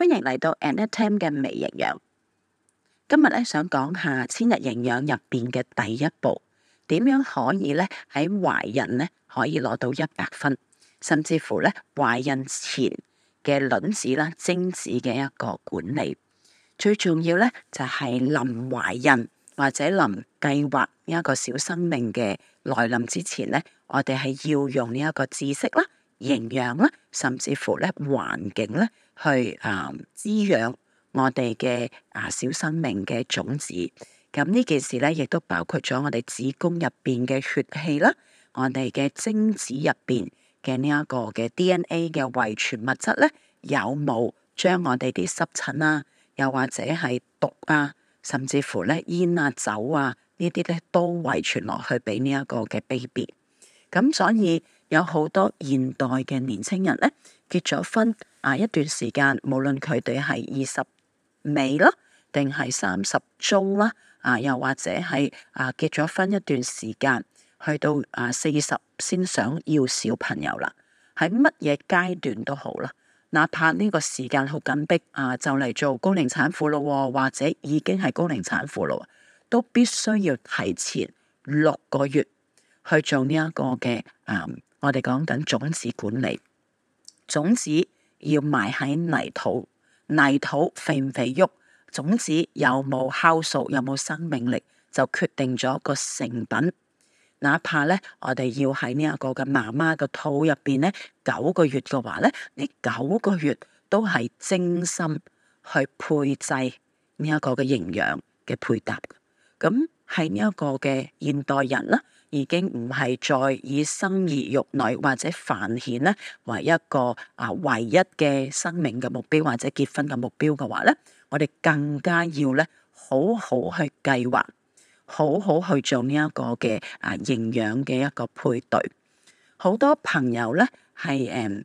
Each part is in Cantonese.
歡迎嚟到 Annette Tam 嘅微營養。今日咧想講下千日營養入邊嘅第一步，點樣可以咧喺懷孕咧可以攞到一百分，甚至乎咧懷孕前嘅卵子啦、精子嘅一個管理，最重要咧就係臨懷孕或者臨計劃一個小生命嘅來臨之前咧，我哋係要用呢一個知識啦、營養啦，甚至乎咧環境咧。去誒、啊、滋養我哋嘅啊小生命嘅種子，咁、啊、呢件事咧亦都包括咗我哋子宮入邊嘅血氣啦、啊，我哋嘅精子入邊嘅呢一個嘅 DNA 嘅遺傳物質咧，有冇將我哋啲濕疹啊，又或者係毒啊，甚至乎咧煙啊酒啊呢啲咧都遺傳落去俾呢一個嘅 BB，咁所以。有好多現代嘅年青人咧，結咗婚啊一段時間，無論佢哋係二十尾啦，定係三十中啦，啊又或者係啊結咗婚一段時間，去到啊四十先想要小朋友啦，喺乜嘢階段都好啦，哪怕呢個時間好緊迫啊，就嚟做高齡產婦咯哦，或者已經係高齡產婦咯，都必須要提前六個月去做呢一個嘅啊。我哋講緊種子管理，種子要埋喺泥土，泥土肥唔肥沃，種子有冇酵素，有冇生命力，就決定咗個成品。哪怕咧，我哋要喺呢一個嘅媽媽嘅肚入面咧，九個月嘅話咧，呢九個月都係精心去配製呢一個嘅營養嘅配搭。咁係呢一個嘅現代人啦。已經唔係再以生兒育女或者繁衍咧為一個啊唯一嘅生命嘅目標，或者結婚嘅目標嘅話咧，我哋更加要咧好好去計劃，好好去做呢一個嘅啊營養嘅一個配對。好多朋友咧係誒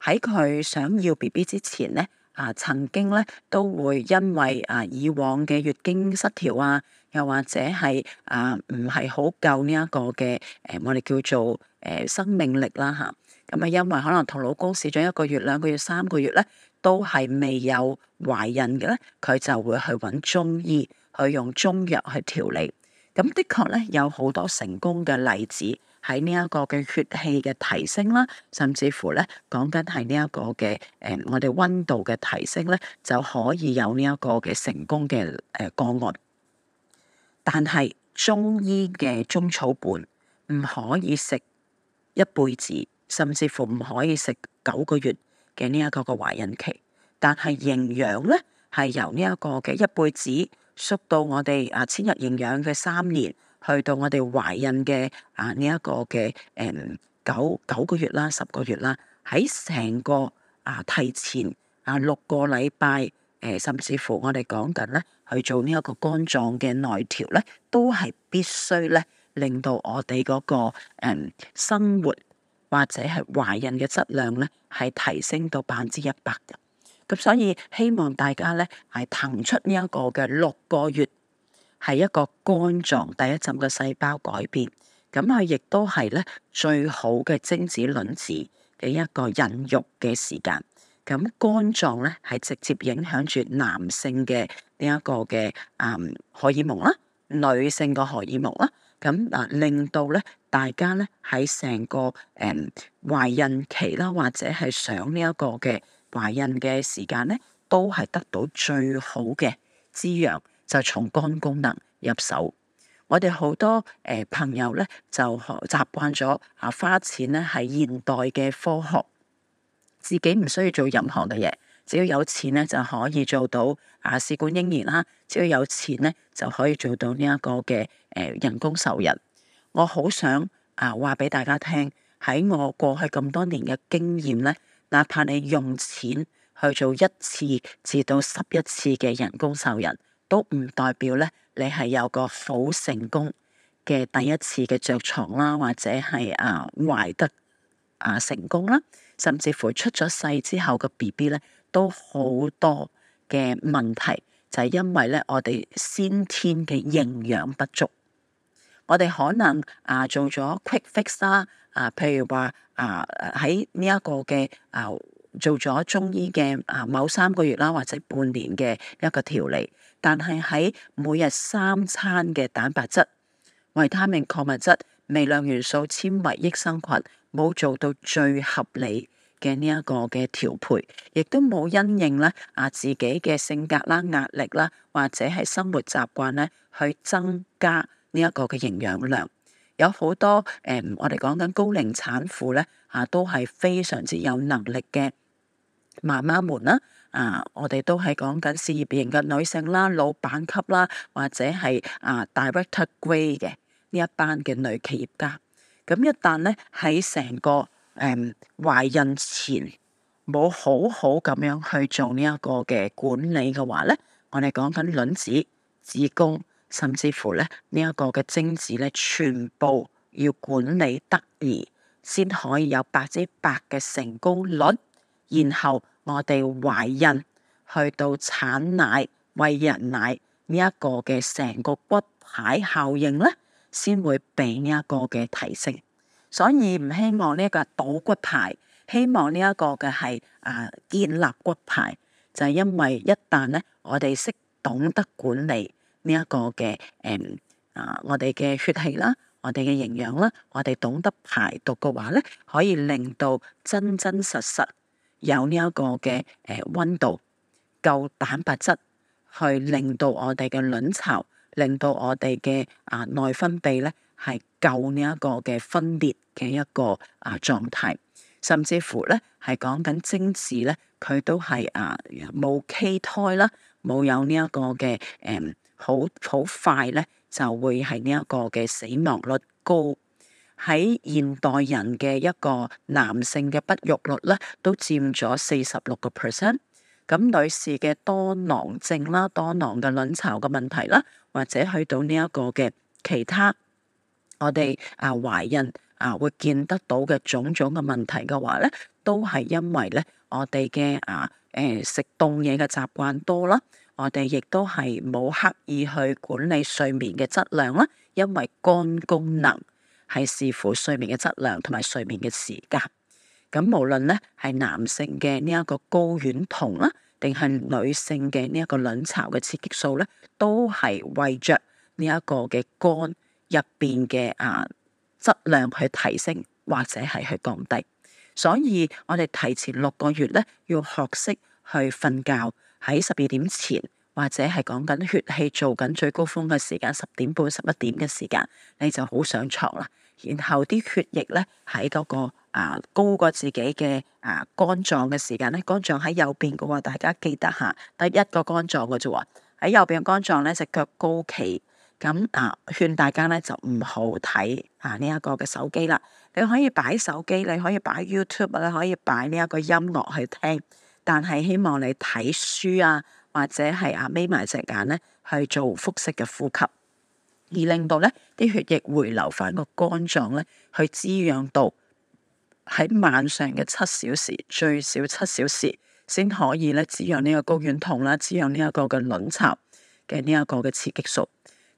喺佢想要 BB 之前咧。啊，曾經咧都會因為啊以往嘅月經失調啊，又或者係啊唔係好夠呢一個嘅誒我哋叫做誒、呃、生命力啦嚇，咁啊因為可能同老公試咗一個月、兩個月、三個月咧，都係未有懷孕嘅咧，佢就會去搵中醫去用中藥去調理，咁、嗯、的確咧有好多成功嘅例子。喺呢一個嘅血氣嘅提升啦，甚至乎呢講緊係呢一個嘅誒，我哋溫度嘅提升呢，就可以有呢一個嘅成功嘅誒個案。但係中醫嘅中草本唔可以食一輩子，甚至乎唔可以食九個月嘅呢一個嘅懷孕期。但係營養呢，係由呢一個嘅一輩子縮到我哋啊千日營養嘅三年。去到我哋懷孕嘅啊呢一、這個嘅誒九九個月啦，十個月啦，喺成個啊提前啊六個禮拜誒、呃，甚至乎我哋講緊咧，去做呢一個肝臟嘅內調咧，都係必須咧，令到我哋嗰、那個、嗯、生活或者係懷孕嘅質量咧，係提升到百分之一百嘅。咁所以希望大家咧係騰出呢一個嘅六個月。係一個肝臟第一浸嘅細胞改變，咁啊亦都係咧最好嘅精子卵子嘅一個孕育嘅時間。咁肝臟咧係直接影響住男性嘅呢一個嘅誒、嗯、荷爾蒙啦，女性嘅荷爾蒙啦，咁嗱、啊、令到咧大家咧喺成個誒、嗯、懷孕期啦，或者係上呢一個嘅懷孕嘅時間咧，都係得到最好嘅滋養。就從肝功能入手。我哋好多誒、呃、朋友咧就學習慣咗啊，花錢咧係現代嘅科學，自己唔需要做任何嘅嘢，只要有錢咧就可以做到啊，試管嬰兒啦，只要有錢咧就可以做到呢一個嘅誒、呃、人工受孕。我好想啊話俾大家聽，喺我過去咁多年嘅經驗咧，哪怕你用錢去做一次至到十一次嘅人工受孕。都唔代表咧，你係有個好成功嘅第一次嘅着床啦，或者係啊懷得啊成功啦，甚至乎出咗世之後嘅 B B 咧，都好多嘅問題，就係、是、因為咧我哋先天嘅營養不足，我哋可能啊做咗 quick fix 啦、啊，啊譬如話啊喺呢一個嘅啊。做咗中醫嘅啊，某三個月啦，或者半年嘅一個調理，但係喺每日三餐嘅蛋白質、維他命、礦物質、微量元素、纖維、益生菌，冇做到最合理嘅呢一個嘅調配，亦都冇因應呢啊自己嘅性格啦、壓力啦，或者係生活習慣呢去增加呢一個嘅營養量。有好多誒、呃，我哋講緊高齡產婦呢，吓都係非常之有能力嘅。媽媽們啦，啊，我哋都係講緊事業型嘅女性啦，老闆級啦，或者係啊 director grade 嘅呢一班嘅女企業家。咁一旦咧喺成個誒懷孕前冇好好咁樣去做呢一個嘅管理嘅話咧，我哋講緊卵子、子宮，甚至乎咧呢一個嘅精子咧，全部要管理得宜，先可以有百分之百嘅成功率。然後我哋懷孕去到產奶、餵人奶呢一個嘅成個骨牌效應咧，先會俾呢一個嘅提升。所以唔希望呢一個倒骨牌，希望呢一個嘅係啊建立骨牌，就係因為一旦咧我哋識懂得管理呢一個嘅誒啊我哋嘅血氣啦，我哋嘅營養啦，我哋懂得排毒嘅話咧，可以令到真真實實。有呢一個嘅誒溫度，夠蛋白質去令到我哋嘅卵巢，令到我哋嘅啊內分泌咧係夠呢一個嘅分裂嘅一個啊狀態，甚至乎咧係講緊精子咧，佢都係啊冇畸胎啦，冇有呢一個嘅誒好好快咧就會係呢一個嘅死亡率高。喺現代人嘅一個男性嘅不育率咧，都佔咗四十六個 percent。咁女士嘅多囊症啦、多囊嘅卵巢嘅問題啦，或者去到呢一個嘅其他我，我哋啊懷孕啊會見得到嘅種種嘅問題嘅話咧，都係因為咧我哋嘅啊誒食凍嘢嘅習慣多啦，我哋亦都係冇刻意去管理睡眠嘅質量啦，因為肝功能。係視乎睡眠嘅質量同埋睡眠嘅時間，咁無論咧係男性嘅呢一個睾丸酮啦，定係女性嘅呢一個卵巢嘅刺激素咧，都係為着呢一個嘅肝入邊嘅啊質量去提升，或者係去降低，所以我哋提前六個月咧要學識去瞓覺，喺十二點前。或者係講緊血氣做緊最高峰嘅時間，十點半十一點嘅時間，你就好上床啦。然後啲血液咧喺嗰個啊高過自己嘅啊肝臟嘅時間咧，肝臟喺右邊嘅話，大家記得嚇，得一個肝臟嘅啫喎，喺右邊肝臟咧隻腳、是、高企咁啊，勸大家咧就唔好睇啊呢一、這個嘅手機啦。你可以擺手機，你可以擺 YouTube，你可以擺呢一個音樂去聽。但係希望你睇書啊。或者係啊眯埋隻眼咧，去做腹式嘅呼吸，而令到咧啲血液回流翻個肝臟咧，去滋養到喺晚上嘅七小時，最少七小時先可以咧滋養呢個睾丸酮啦，滋養呢一個嘅卵巢嘅呢一個嘅刺激素。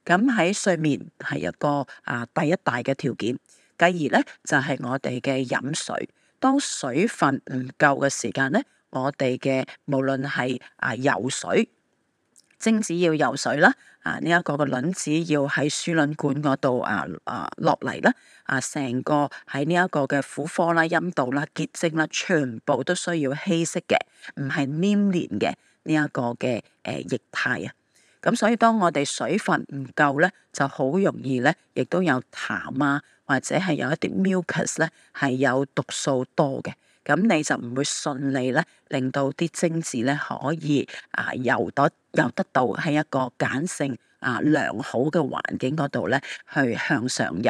咁喺睡眠係一個啊第一大嘅條件，繼而咧就係、是、我哋嘅飲水。當水分唔夠嘅時間咧。我哋嘅無論係啊游水，精子要游水啦，啊呢一、這個嘅卵子要喺輸卵管嗰度啊啊落嚟啦，啊成、啊、個喺呢一個嘅苦科啦、陰道啦、結晶啦，全部都需要稀釋嘅，唔係黏連嘅呢一個嘅誒液態啊。咁所以當我哋水分唔夠咧，就好容易咧，亦都有痰啊，或者係有一啲 mucus 咧係有毒素多嘅。咁你就唔會順利咧，令到啲精子咧可以啊游得游得到喺一個鹼性啊良好嘅環境嗰度咧，去向上游。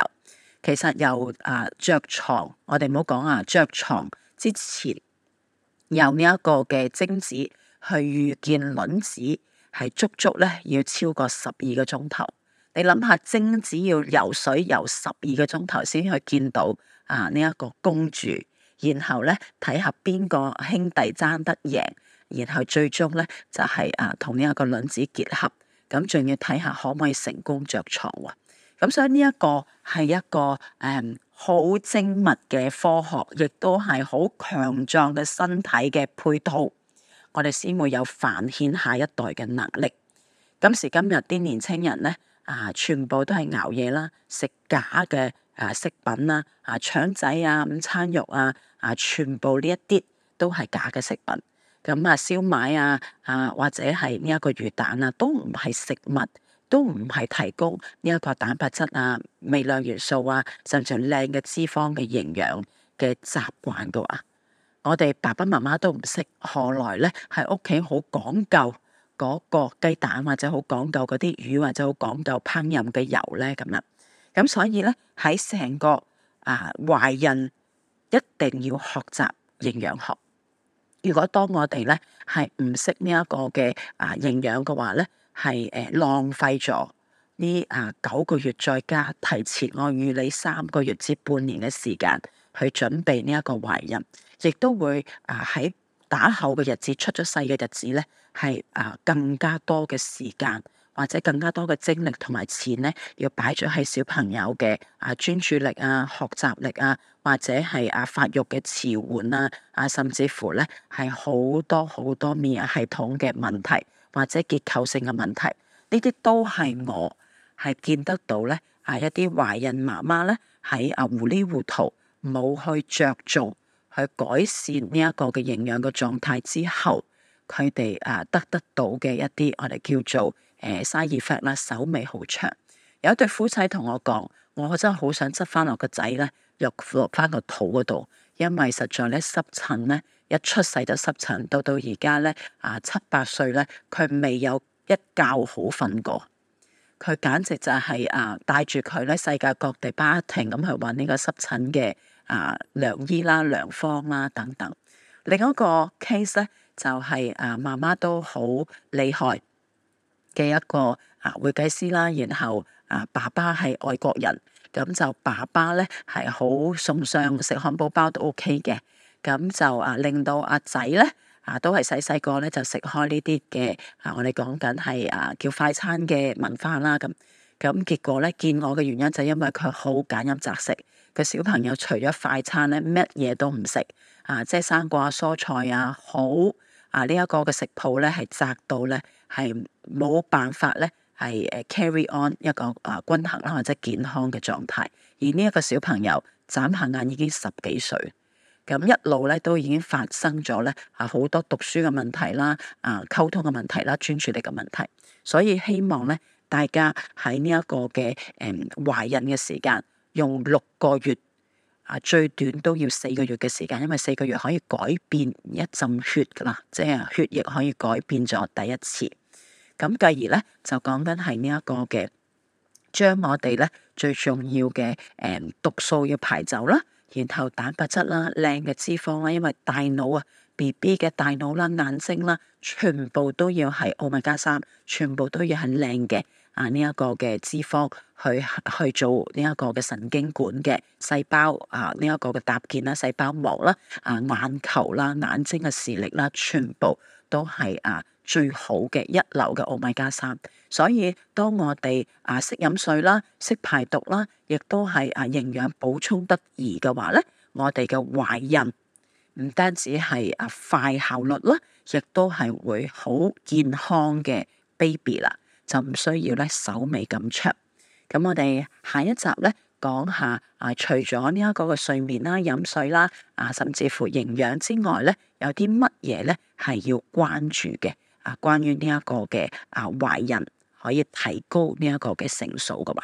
其實由啊着床，我哋唔好講啊着床之前，由呢一個嘅精子去遇見卵子，係足足咧要超過十二個鐘頭。你諗下，精子要游水游十二個鐘頭先去見到啊呢一個公主。然後咧，睇下邊個兄弟爭得贏，然後最終咧就係、是、啊，同呢一個卵子結合，咁、嗯、仲要睇下可唔可以成功着床啊？咁、嗯、所以呢一個係一個誒好精密嘅科學，亦都係好強壯嘅身體嘅配套，我哋先會有繁衍下一代嘅能力。今時今日啲年輕人咧，啊，全部都係熬夜啦，食假嘅啊食品啦，啊腸仔啊，午餐肉啊。啊！全部呢一啲都係假嘅食品，咁啊燒賣啊啊，或者係呢一個魚蛋啊，都唔係食物，都唔係提供呢一個蛋白質啊、微量元素啊，甚至靚嘅脂肪嘅營養嘅習慣㗎啊！我哋爸爸媽媽都唔識何來咧，喺屋企好講究嗰個雞蛋，或者好講究嗰啲魚，或者好講究烹飪嘅油咧咁樣。咁所以咧喺成個啊懷孕，一定要學習營養學。如果當我哋咧係唔識呢一個嘅啊營養嘅話咧，係誒浪費咗呢啊九個月再加提前我預你三個月至半年嘅時間去準備呢一個懷孕，亦都會啊喺打後嘅日子出咗世嘅日子咧，係啊更加多嘅時間，或者更加多嘅精力同埋錢咧，要擺咗喺小朋友嘅啊專注力啊、學習力啊，或者係啊發育嘅遲緩啊，啊甚至乎咧係好多好多免疫系統嘅問題或者結構性嘅問題，呢啲都係我係見得到咧啊一啲懷孕媽媽咧喺啊糊裏糊塗冇去着重去改善呢一個嘅營養嘅狀態之後，佢哋啊得得到嘅一啲我哋叫做。誒生二法啦，呃、effect，手尾好長。有一對夫妻同我講，我真係好想執翻落個仔咧，入落翻個肚嗰度，因為實在咧濕疹咧，一出世就濕疹，到到而家咧啊七八歲咧，佢未有一覺好瞓過，佢簡直就係、是、啊、呃、帶住佢喺世界各地不停咁去揾呢個濕疹嘅啊良醫啦、良方啦等等。另一個 case 咧就係啊媽媽都好厲害。嘅一個啊會計師啦，然後啊爸爸係外國人，咁就爸爸咧係好崇尚食漢堡包都 OK 嘅，咁就啊令到阿仔咧啊都係細細個咧就食開呢啲嘅啊，我哋講緊係啊叫快餐嘅文化啦，咁咁結果咧見我嘅原因就因為佢好揀飲擇食，佢小朋友除咗快餐咧乜嘢都唔食啊，即係生果啊蔬菜啊好。啊！呢一個嘅食譜咧，係窄到咧，係冇辦法咧，係誒 carry on 一個啊均衡啦，或者健康嘅狀態。而呢一個小朋友眨下眼已經十幾歲，咁一路咧都已經發生咗咧啊好多讀書嘅問題啦、啊溝通嘅問題啦、專注力嘅問題。所以希望咧，大家喺呢一個嘅誒懷孕嘅時間，用六個月。啊，最短都要四個月嘅時間，因為四個月可以改變一浸血噶啦，即係血液可以改變咗第一次。咁繼而呢，就講緊係呢一個嘅，將我哋呢最重要嘅誒、嗯、毒素要排走啦，然後蛋白質啦、靚嘅脂肪啦，因為大腦啊、BB 嘅大腦啦、眼睛啦，全部都要係奧米加三，全部都要很靚嘅。啊！呢、這、一個嘅脂肪去去做呢一個嘅神經管嘅細胞啊，呢、這、一個嘅搭建啦、細胞膜啦、啊眼球啦、啊、眼睛嘅視力啦、啊，全部都係啊最好嘅一流嘅奧米加三。所以當我哋啊識飲水啦、識、啊、排毒啦，亦、啊、都係啊營養補充得宜嘅話咧，我哋嘅懷孕唔單止係啊快效率啦，亦、啊、都係會好健康嘅 baby 啦、啊。就唔需要咧，手尾咁長。咁我哋下一集咧，講下啊，除咗呢一個嘅睡眠啦、飲水啦啊，甚至乎營養之外咧，有啲乜嘢咧係要關注嘅啊？關於呢一個嘅啊，懷孕可以提高呢一個嘅成數噶嘛？